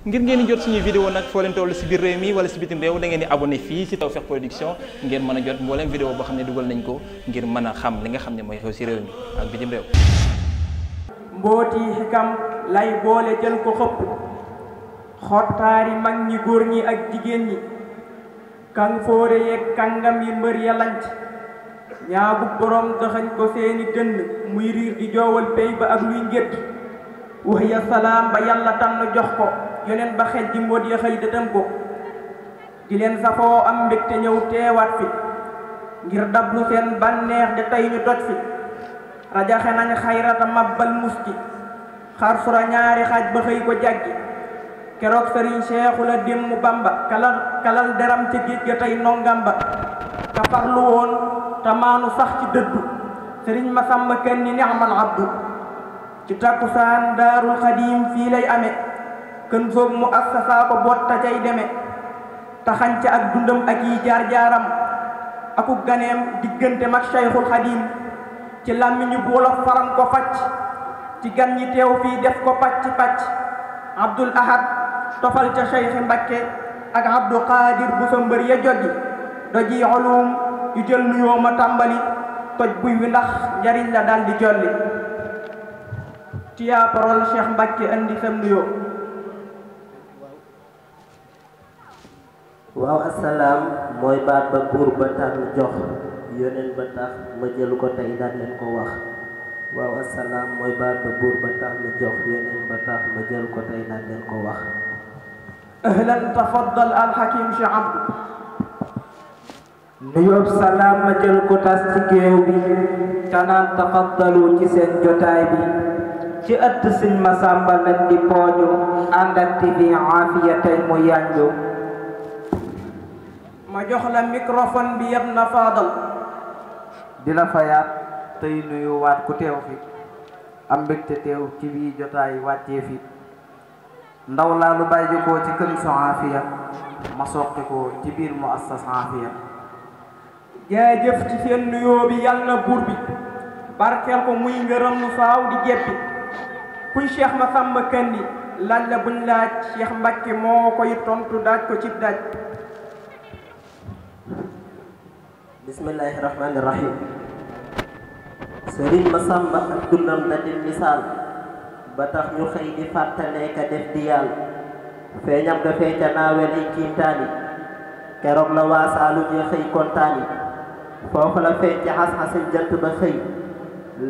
ngir ngeen jot suñu vidéo nag foo leen toll si biir réew mi wala si bitim réew da ngeen di abonné fii si Tawfekh Production ngeen mën a jot mbooleem vidéo boo xam ne dugal nañ ko ngir mën a xam li nga xam ne mooy xew si réew mi mbooti xikam lay boole jël ko xëpp xottaari mag ñi góor ñi ak jigéen ñi kan fóore yeeg kàngam yi mbër ya lanc ñaa bu boroom doxañ ko seeni dënn muy riir di joowal pey ba ak luy ngétt wax ya salaam ba yàlla tànn jox ko yoneen ba xej ji mbóot ya xëy dëtam ko di leen safoo am mbégte ñëw teewaat fi ngir dablu seen bànneex de tey ñu doj fi rajaxe nañ xayrata mabbal muski xar sura ñaari xaaj ba xëy ko jàggi keroog sëriñ seexu la démmu bamba kalal kalal deram ci géej ga tey nongamba ka woon tamaanu sax ci dëddu sëriñ masamba kenn ni ni'mal abdu ci takkusaan daarul xadiim fii lay amee kën soob mu assasaa ko botta cay deme taxañ ca ak dundam ak yi jaar-jaaram aku ganeem diggante mag Sayxul Xadiim ci làmmiñu wolof faram ko facc ci gan ñi teew fii def ko pàcc-pàcc Abdul Ahad tofal ca Sayxi Mbakke ak Abdu Qaadir bu sa mbër ya jogi doji xolum yu jël nuyoo ma tàmbali toj buy wi ndax njariñ la daal di jolli tu as parole Cheikh Mbakke andi waaw asalaam mooy baat ba buur ba tax jox yoneen ba tax ma jël ko tey daal ko wax waaw asalaam mooy baat ba buur ba tax ma jox yoneen ba tax ma jël ko tey daal ko wax ahlan tafaddal alxakim si abd nuyoob salaam ma jël ko tas ci géew bi tanaan tafaddalu ci seen jotaay bi ci ëtt sin masamba lañ di pooñu ànd ak tv aafiya tey mu yanju ma jox la microphone bi yab na faadal di la fayaat tey nuyu waat ku teew fi am mbégte teew ci bii jotaay wàccee fi ndaw laa lu bàyyi jikoo ci kën so aafiya ma soqi ko ci biir mu assas aafiya jaajëf ci seen nuyoo bi yàlla na buur bi barkeel ko muy ngërëm nu saaw di jeppi kuy Cheikh Massamba Kanni laaj la bu laaj Cheikh Mbacke moo koy tontu daaj ko cib daaj bismillahi rahmaani rahim sëriñ ak dundam da di misaal ba tax ñu xëy di fàttalee ka def di yàlla feeñam ga fee ca naawel ay kiintaani keroog la waa saalu ñu xëy kontaani foofu la feeñ ci xas-xasin jant ba xëy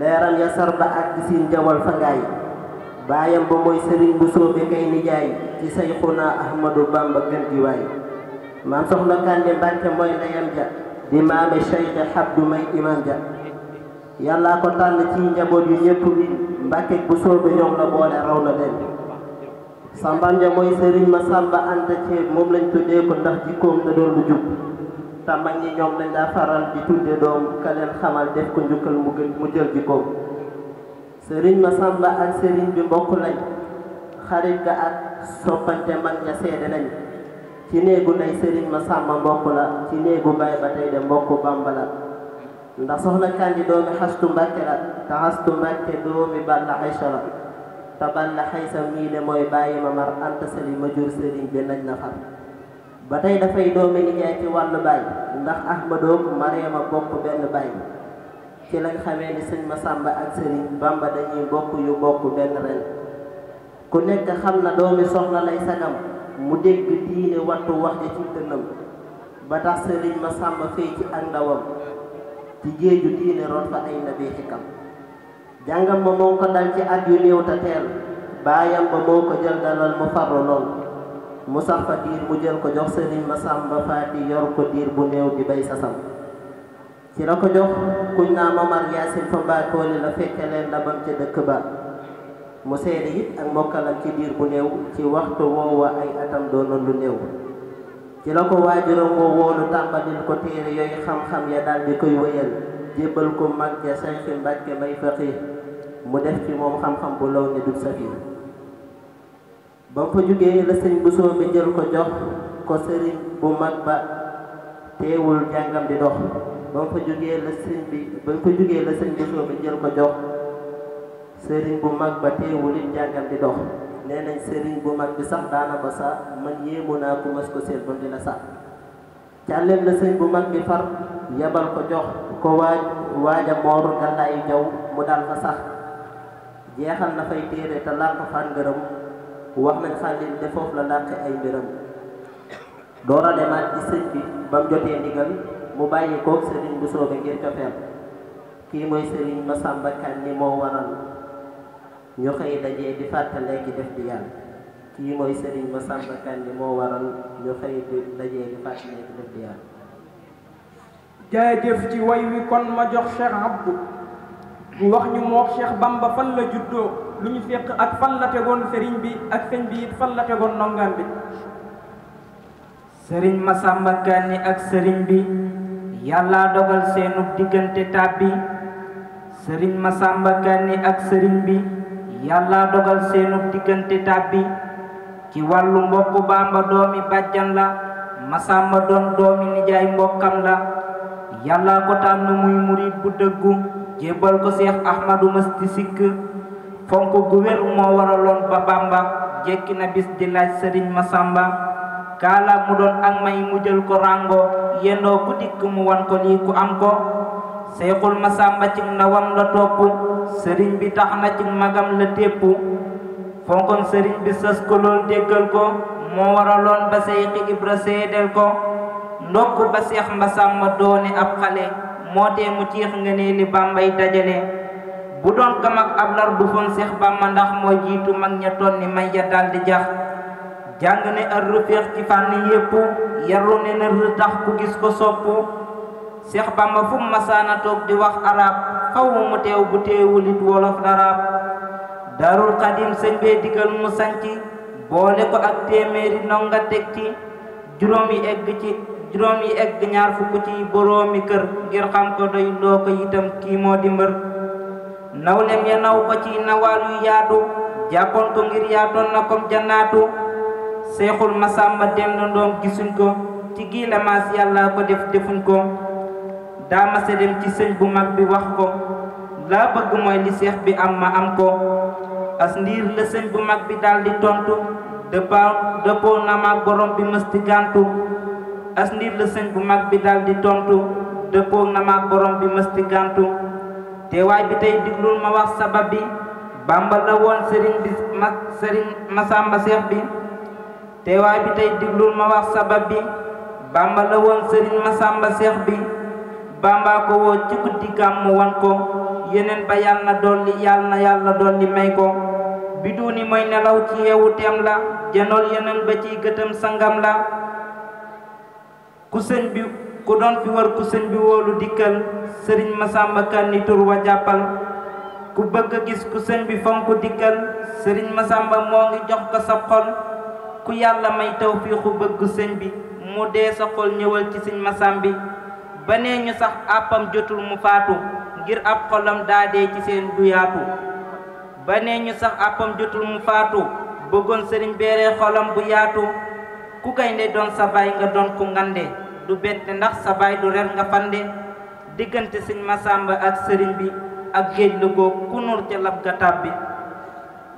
leeral ya ba ak di siin fa ngaay baayam ba mooy sëriñ bu soobe kay nijaay ci say xunaa ahmadu bamba gën maam soxna kànni mbàkke mooy ndeyam ja imaame Cheikh Abdou May imam ja yàllaa ko tànn ci njaboot yu ñëpp bi mbàkkeeg bu soobee ñoom la boole raw na leen sambam ja mooy sëriñ ma sàmba anta ceeb moom lañ tuddee ko ndax jikkoom da doon lu jub te mag ñi ñoom lañ daa faral di tudde doom ka xamal def ko njukkal mu gën jël jikkoom sëriñ ma sàmba ak sëriñ bi mbokk lañ xarit ga ak soppante mag ña seede nañ ci néegu nay sëriñ ma sàmma mbokk la ci néegu bay ba tey de mbokk bamba la ndax soxna kandi doomi xastu mbàkke la te xastu mbàkke doomi balla xaysa la te balla xaysa mii de mooy bàyyi ma mar anta ma jur sëriñ bi nañ na far ba tey dafay doomi nijaay ci wàllu baay ndax ahmadoog mareema bokk benn baay ci lañ xamee ni sëñ Masamba ak sëriñ Bamba dañuy bokk yu bokk benn ren ku nekk xam na doomi soxna lay sagam mu dégg diine wattu wax ja ci dënnam ba tax sëriñ ma sàmba fay ci ak ndawam ci géeju diine root fa ay nabi xikam jàngam ba moo ko dal ci at yu néew te teel baayam ba moo ko jël dalal mu farlu lool mu sax fa diir mu jël ko jox sëriñ ma sàmba faati yor ko diir bu néew bi bay sasam ci la ko jox kuñ naa Momar Yaasin fa mbaa la fekke leen ndabam ca dëkk ba mu seede it ak mokkalam ci diir bu néew ci waxtu woowa ay atam doonoon lu néew ci la ko waajuram woo woolu tàmbalil ko téere yooyu xam-xam ya daal di koy wéyal jébbal ko mag ja sayxi mbàkke may faqih mu def ci moom xam-xam bu law ne dul safi ba mu fa jógee la sëñ bu soo mi jël ko jox ko sëriñ bu mag ba teewul jàngam di dox ba mu fa jógee la sëñ bi bu soo mi jël ko jox sëriñ bu mag ba teewul it njàngam di dox nee nañ sëriñ bu mag bi sax daana ko sa man yéemu naa ku mas ko seet ba dina sax càlleen la sëriñ bu mag bi far yebal ko jox ko waaj waaja mooru gàllaayu jaw mu dal fa sax jeexal na fay téere te làq fan wax nañ xàllin de foofu la làq ay mbiram door a ci sëñ bi ba jotee ndigal mu bàyyi koog sëriñ bu soobe ngir cofeel kii mooy sëriñ Masamba Kan ni moo waral ñu xëy dajee di fàttale ki def di yàlla kii mooy sëriñ Massamba Kanni moo waral ñu xëy di dajee di fàttale ki def di yàlla jaajëf ci way wi kon ma jox Cheikh Abdou wax ñu moo Cheikh Bamba fan la juddoo lu ñu fekk ak fan sëriñ bi ak sëñ fan la tegoon ndongam bi sëriñ Massamba Kanni ak sëriñ bi yàlla dogal seenub diggante tàbbi sëriñ Massamba Kanni ak sëriñ bi yàlla dogal seenu diggante tàbbi ci wàllu mbokk bàmba doomi bàjjan la masamba doon doomi nijaay mbokkam la yàlla ko tànn muy murit bu dëggu jébbal ko seex ahmadu masti sikk fonk gu wér moo waraloon ba bàmba jekki na bis di laaj sëriñ masamba kaala mu doon ak may mu jël ko ràngo yendoo ku dikk mu wan ko lii ku am ko seyxul masamba ci ndawam la topp sëriñ bi tax na ci magam la tépp fonkoon sëriñ bi sës ko lool déggal ko moo waraloon ba Seydi Ibra seedeel ko ndokk ba Seex Mbasamba doone ab xale moo tee mu ciix nga ne li bàmbay dajale bu doon kam ak ab lar du foon Seex Bàmba ndax moo jiitu mag ña tonni may ya daldi jax jàng ne ar ci fànn yépp yaru ne na tax ku gis ko sopp Seex Bàmba fu masaana toog di wax arab faw mu teew bu teewul it wolof laraab darul xadim sëñ bee mu sanc boole ko ak téeméeri ndonga teg ci juróom yi egg ci juróom yi egg ñaar fukk ci boroomi kër ngir xam ko doy loo ko itam kii moo di mbër nawlem ya naw ko ci nawaal yaatu jàppoon ko ngir yaatoon na kom jannaatu seexul masamba dem na gisuñ ko ci gii la maas ko def defuñ ko daa mase dem ci sëñ bu mag bi wax ko laa bëgg mooy li seex bi am ma am ko as ndiir la sëñ bu mag bi daldi tontu dëppoo dëppoo borom bi mësti gàntu as ndiir la sëñ bu mag bi daldi tontu dëppoo na maag borom bi mësti gàntu teewaay bi tey diglul ma wax sabab bi bàmba la woon sëriñ ma sëriñ seex bi teewaay bi tey diglul ma wax sabab bi bàmba la woon sëriñ masamba seex bi bamba ko ci guddi gàmmu wan ko yeneen ba yàlla na dolli yàlla na yàlla dolli may ko bi duuni mooy nelaw ci yeewu teem la janool yeneen ba ciy gëtam sangam la ku sëñ bi ku doon fi war ku sëñ bi woolu dikkal sëriñ Masamba Kan wa jàppal ku bëgg a gis ku sëñ bi fonku dikkal sëriñ Masamba moo ngi jox ko sa xol ku yàlla may tawfiixu bëgg sëñ bi mu dee sa xol ñëwal ci sëñ Masamba ba nee ñu sax àppam jotul mu faatu ngir ab xolam daadee ci seen duyaatu ba nee ñu sax àppam jotul mu faatu bëggoon sëriñ beeree xolam bu yaatu ku gaynde doon sa baay nga doon ku ngande du bette ndax sa baay du rer nga fande diggante sëñ Masamba ak sëriñ bi ak géej la góog ku nur ca lab ga tàbbi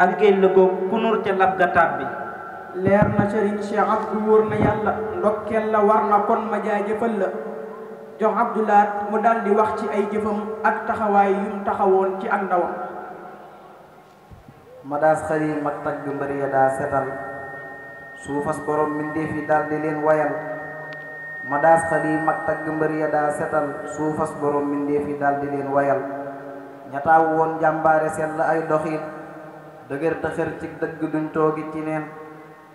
ak géej la góog ku nur ca lab ga tàbbi leer na sëriñ Cheikh Abdou wóor na yàlla ndokkeel la war na kon ma jaajëfal la jox abdulaat mu daldi wax ci ay jëfam ak taxawaay yum taxawoon ci ak ndaw madaas xarii mag tag bi mbëri ya daa setal suufas borom mbindéef yi daldi leen wayal madaas mag tag bi mbëri ya setal suufas borom mbindéef yi daldi leen wayal ñataaw woon jàmbaare sell ay doxiin dëgër dëxër ci dëgg duñ toogi ci neen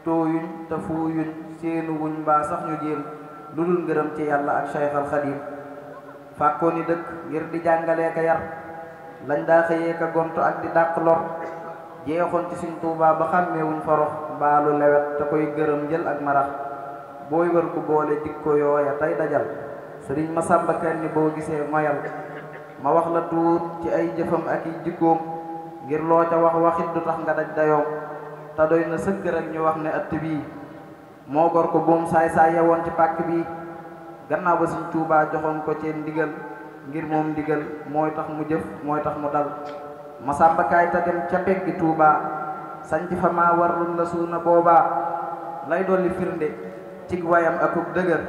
tooyuñ te fuuyuñ seenu mbaa sax ñu jéem lu dul ngërëm ci yàlla ak Cheikh al Xadim fàkkoo dëkk ngir di jàngalee ka yar lañ daa xëyee ka gontu ak di dàq lor jeexoon ci suñ Tuubaa ba xàmmeewuñ farox baalu lewet te koy gërëm jël ak marax booy wër gu boole jikko yooya tey dajal sëriñ ma sàmba kenn boo gisee moyal ma wax la tuut ci ay jëfam ak i jikkoom ngir loo ca wax waxit du tax nga daj dayoom te doy na sëkk rek ñu wax ne att bii moo gor ko buum saay-saay yewoon ci pàkk bi gannaaw ba Sëriñ Tuubaa joxoon ko ci ndigal ngir moom ndigal mooy tax mu jëf mooy tax mu dal Masamba kaay ta dem ca peggi Tuubaa sanc fa maa warul la suuna boobaa lay dolli firnde cig wayam akub dëgër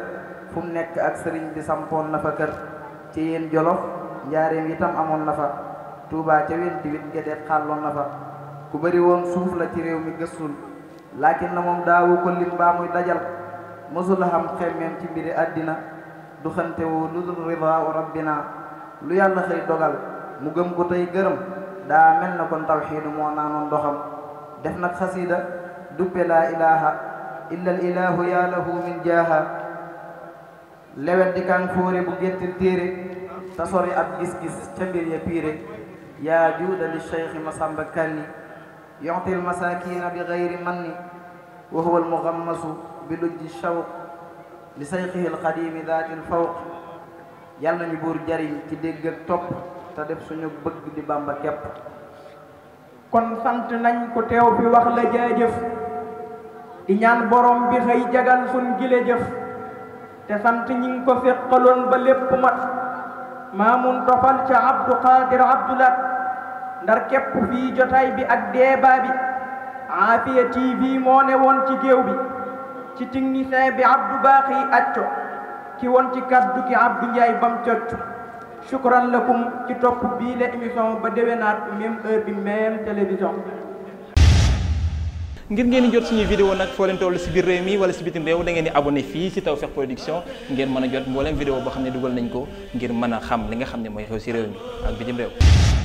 fu mu nekk ak sëriñ bi sampoon na fa kër ci yéen Jolof njaareem itam amoon na fa Tuubaa ca wenti wit gedeet xàlloon na fa ku bëri woon suuf la ci réew mi gëstul laakin na moom daawu ko lim baa muy dajal mësula xam xemmeem ci mbiri àddina du xante wu lu dul ridaa rabbina lu yàlla xëy dogal mu gëm ko tey gërëm daa mel na kon tawxiidu moo naanoon doxam def nag xasiida duppe laa ilaha illa al ilahu yaa lahu min jaaha lewet di kan fóore bu géttil téere te sori ab gis-gis ca mbir ya piire yaa juuda li cheikh Masamba Kanni يعطي المساكين بغير من وهو المغمس بلج الشوق لسيخه القديم ذات الفوق yàlla nañu buur jariñ ci dégg ak topp te def suñu bëgg di bàmba képp kon sant nañ ko teew fi wax la jaajëf di ñaan borom bi xëy jagan suñ gile jëf te sant ñi ngi ko féqaloon ba lépp mat maamun tofal ca abdu qadir abdulat ndar képp fii jotaay bi ak débat bi Afia TV moo ne woon ci géew bi ci technicien bi Abdou Baqi Acco ki woon ci kaddu ki Abdou Ndiaye bam cocc shukran lakum ci topp bii la émission ba déwénaat même heure bi même télévision ngir ngeen di jot suñuy vidéo nag foo leen toll si biir réew mi wala si bitim réew da ngeen di abonné fii si Tawfekh Production ngeen mën a jot mbooleem vidéo boo xam ne dugal nañ ko ngir mën a xam li nga xam ne mooy xew si réew mi ak bitim